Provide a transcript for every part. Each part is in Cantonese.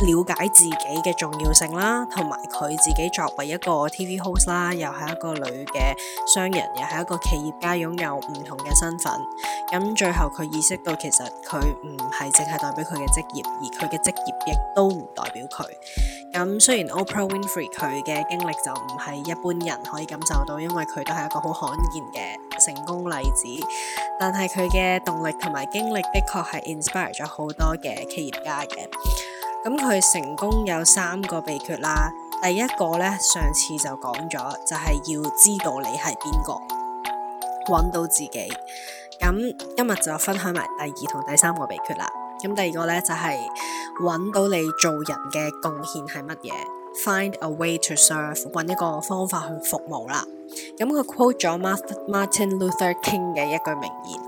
了解自己嘅重要性啦，同埋佢自己作為一個 TV host 啦，又係一個女嘅商人，又係一個企業家，擁有唔同嘅身份。咁最後佢意識到其實，佢唔係淨係代表佢嘅職業，而佢嘅職業亦都唔代表佢。咁雖然 Oprah Winfrey 佢嘅經歷就唔係一般人可以感受到，因為佢都係一個好罕見嘅成功例子。但係佢嘅動力同埋經歷的確係 inspire 咗好多嘅企業家嘅。咁佢成功有三個秘訣啦，第一個咧，上次就講咗，就係要知道你係邊個，揾到自己。咁今日就分享埋第二同第三個秘訣啦。咁第二個咧，就係揾到你做人嘅貢獻係乜嘢，find a way to serve，揾一個方法去服務啦。咁佢 quote 咗 Martin Luther King 嘅一句名言。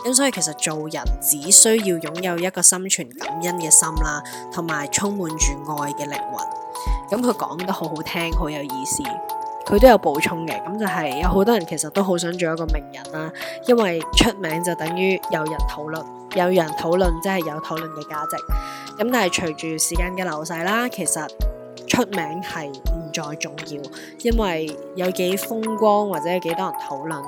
咁、嗯、所以其實做人只需要擁有一個心存感恩嘅心啦，同埋充滿住愛嘅靈魂。咁佢講得好好聽，好有意思。佢都有補充嘅，咁就係有好多人其實都好想做一個名人啦，因為出名就等於有人討論，有人討論即係有討論嘅價值。咁、嗯、但係隨住時間嘅流逝啦，其實出名係。再重要，因為有幾風光或者有幾多人討論，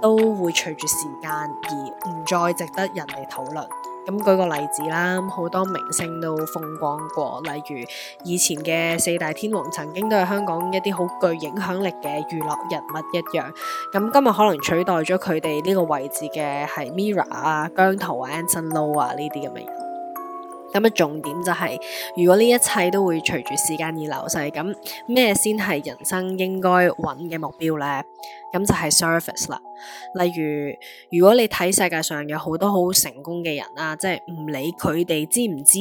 都會隨住時間而唔再值得人哋討論。咁舉個例子啦，好多明星都風光過，例如以前嘅四大天王曾經都係香港一啲好具影響力嘅娛樂人物一樣。咁今日可能取代咗佢哋呢個位置嘅係 MIRROR 啊、姜濤啊、Anson Lo 啊呢啲咁樣。咁啊，重點就係、是，如果呢一切都會隨住時間而流逝，咁咩先係人生應該揾嘅目標呢？咁就係 service 啦。例如，如果你睇世界上有好多好成功嘅人啊，即係唔理佢哋知唔知，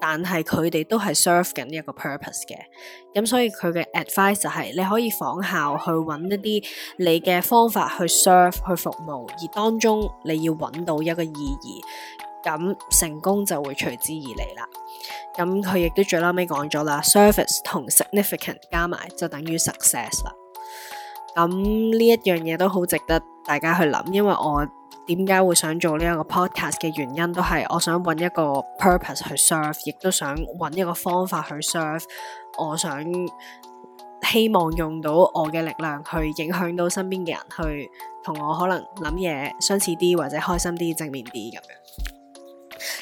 但係佢哋都係 serve 緊一個 purpose 嘅。咁所以佢嘅 advice 就係、是，你可以仿效去揾一啲你嘅方法去 serve 去服務，而當中你要揾到一個意義。咁成功就會隨之而嚟啦。咁佢亦都最 last 尾講咗啦，service 同 significant 加埋就等於 success 啦。咁呢一樣嘢都好值得大家去諗，因為我點解會想做呢一個 podcast 嘅原因，都係我想揾一個 purpose 去 serve，亦都想揾一個方法去 serve。我想希望用到我嘅力量去影響到身邊嘅人，去同我可能諗嘢相似啲，或者開心啲、正面啲咁樣。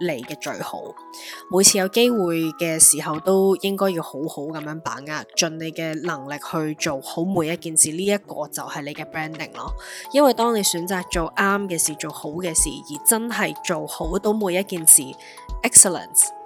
你嘅最好，每次有機會嘅時候都應該要好好咁樣把握，盡你嘅能力去做好每一件事。呢一個就係你嘅 branding 咯，因為當你選擇做啱嘅事、做好嘅事，而真係做好到每一件事，excellence。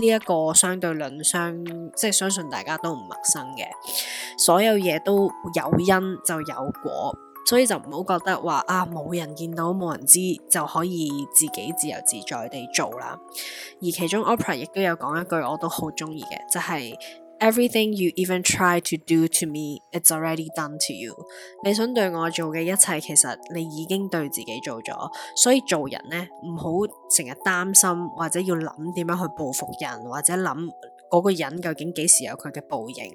呢一個相對論相，即係相信大家都唔陌生嘅，所有嘢都有因就有果，所以就唔好覺得話啊，冇人見到冇人知就可以自己自由自在地做啦。而其中 Oprah 亦都有講一句我都好鍾意嘅，就係、是。Everything you even try to do to me, is already done to you。你想對我做嘅一切，其實你已經對自己做咗。所以做人呢，唔好成日擔心或者要諗點樣去報復人，或者諗嗰個人究竟幾時有佢嘅報應？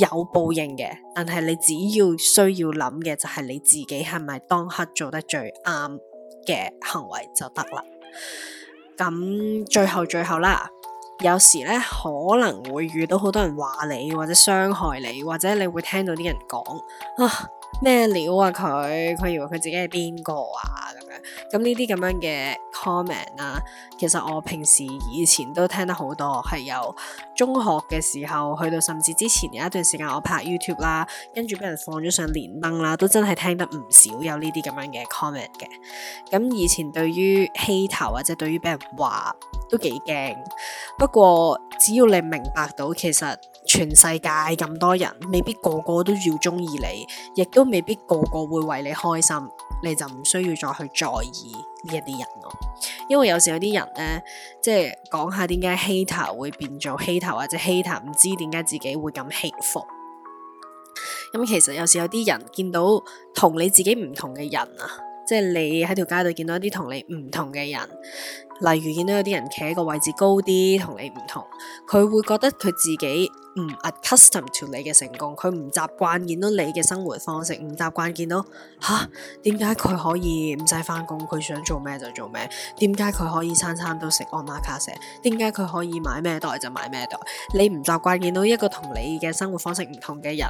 有報應嘅，但係你只要需要諗嘅就係你自己係咪當刻做得最啱嘅行為就得啦。咁最後最後啦。有時咧，可能會遇到好多人話你，或者傷害你，或者你會聽到啲人講啊咩料啊佢，佢以為佢自己係邊個啊咁樣？咁呢啲咁樣嘅 comment 啦，其實我平時以前都聽得好多，係由中學嘅時候去到甚至之前有一段時間我拍 YouTube 啦，跟住俾人放咗上連登啦，都真係聽得唔少有呢啲咁樣嘅 comment 嘅。咁以前對於 hater 或者係對於俾人話，都幾驚，不過只要你明白到，其實全世界咁多人，未必個個都要中意你，亦都未必個個會為你開心，你就唔需要再去在意呢一啲人咯。因為有時有啲人呢，即係講下點解 hater 會變做 hater，或者 hater 唔知點解自己會咁 hater。咁其實有時有啲人見到同你自己唔同嘅人啊。即係你喺條街度見到一啲同你唔同嘅人，例如見到有啲人企喺個位置高啲，同你唔同，佢會覺得佢自己唔 accustomed to 你嘅成功，佢唔習慣見到你嘅生活方式，唔習慣見到，吓，點解佢可以唔使翻工，佢想做咩就做咩，點解佢可以餐餐都食 omakase，點解佢可以買咩袋就買咩袋，你唔習慣見到一個同你嘅生活方式唔同嘅人，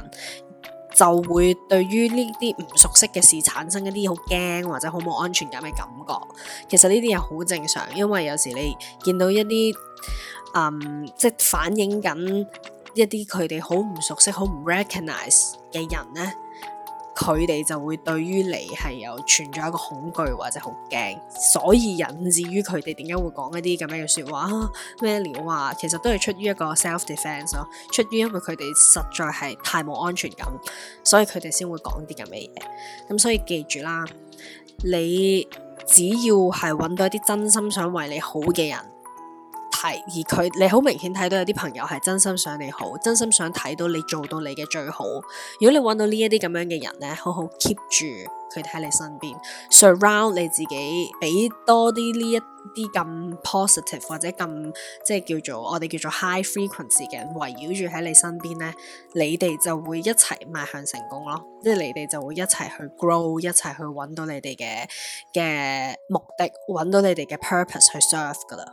就會對於呢啲唔熟悉嘅事產生一啲好驚或者好冇安全感嘅感覺。其實呢啲嘢好正常，因為有時你見到一啲嗯，即係反映緊一啲佢哋好唔熟悉、好唔 recognize 嘅人咧。佢哋就會對於你係有存在一個恐懼或者好驚，所以引致於佢哋點解會講一啲咁樣嘅說話咩料啊，其實都係出於一個 self defence 咯，出於因為佢哋實在係太冇安全感，所以佢哋先會講啲咁嘅嘢。咁所以記住啦，你只要係揾到一啲真心想為你好嘅人。係而佢，你好明顯睇到有啲朋友係真心想你好，真心想睇到你做到你嘅最好。如果你揾到呢一啲咁樣嘅人呢，好好 keep 住佢哋喺你身邊，surround 你自己，俾多啲呢一啲咁 positive 或者咁即係叫做我哋叫做 high frequency 嘅人，圍繞住喺你身邊呢，你哋就會一齊邁向成功咯。即係你哋就會一齊去 grow，一齊去揾到你哋嘅嘅目的，揾到你哋嘅 purpose 去 serve 噶啦。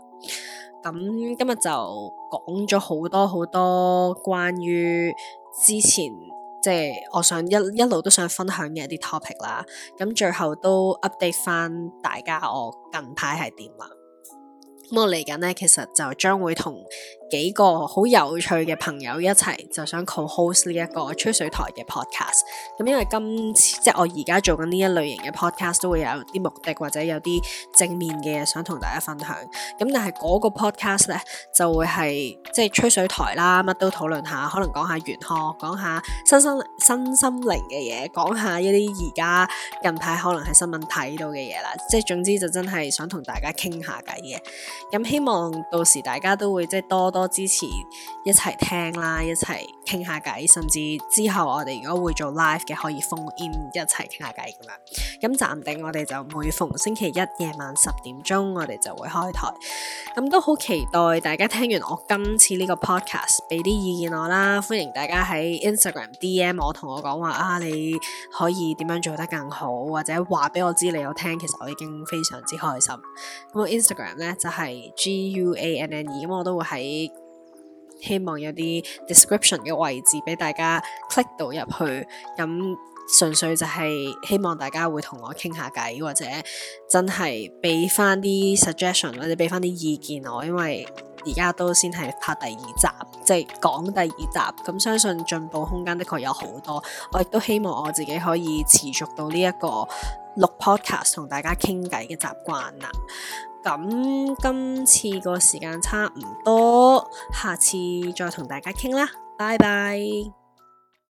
咁今日就講咗好多好多關於之前即係我想一一路都想分享嘅一啲 topic 啦，咁最後都 update 翻大家我近排係點啦。咁我嚟緊咧，其實就將會同。幾個好有趣嘅朋友一齊就想 co-host 呢一個吹水台嘅 podcast，咁、嗯、因為今次即係我而家做緊呢一類型嘅 podcast 都會有啲目的或者有啲正面嘅嘢想同大家分享，咁、嗯、但係嗰個 podcast 咧就會係即係吹水台啦，乜都討論下，可能講下玄學，講下新心新心靈嘅嘢，講一下一啲而家近排可能喺新聞睇到嘅嘢啦，即係總之就真係想同大家傾下偈嘅，咁、嗯、希望到時大家都會即係多多多支持一齊聽啦，一齊傾下偈，甚至之後我哋如果會做 live 嘅，可以 phone in 一齊傾下偈咁樣。咁暫定我哋就每逢星期一夜晚十點鐘，我哋就會開台。咁都好期待大家聽完我今次呢個 podcast，俾啲意見我啦。歡迎大家喺 Instagram DM 我，同我講話啊，你可以點樣做得更好，或者話俾我知你有聽，其實我已經非常之開心。咁我 Instagram 咧就係 G U A N N E，咁我都會喺。希望有啲 description 嘅位置俾大家 click 到入去，咁純粹就係希望大家會同我傾下偈，或者真係俾翻啲 suggestion 或者俾翻啲意見我，因為而家都先係拍第二集，即係講第二集，咁相信進步空間的確有好多。我亦都希望我自己可以持續到呢一個錄 podcast 同大家傾偈嘅習慣啦。咁今次個時間差唔多，下次再同大家傾啦，拜拜。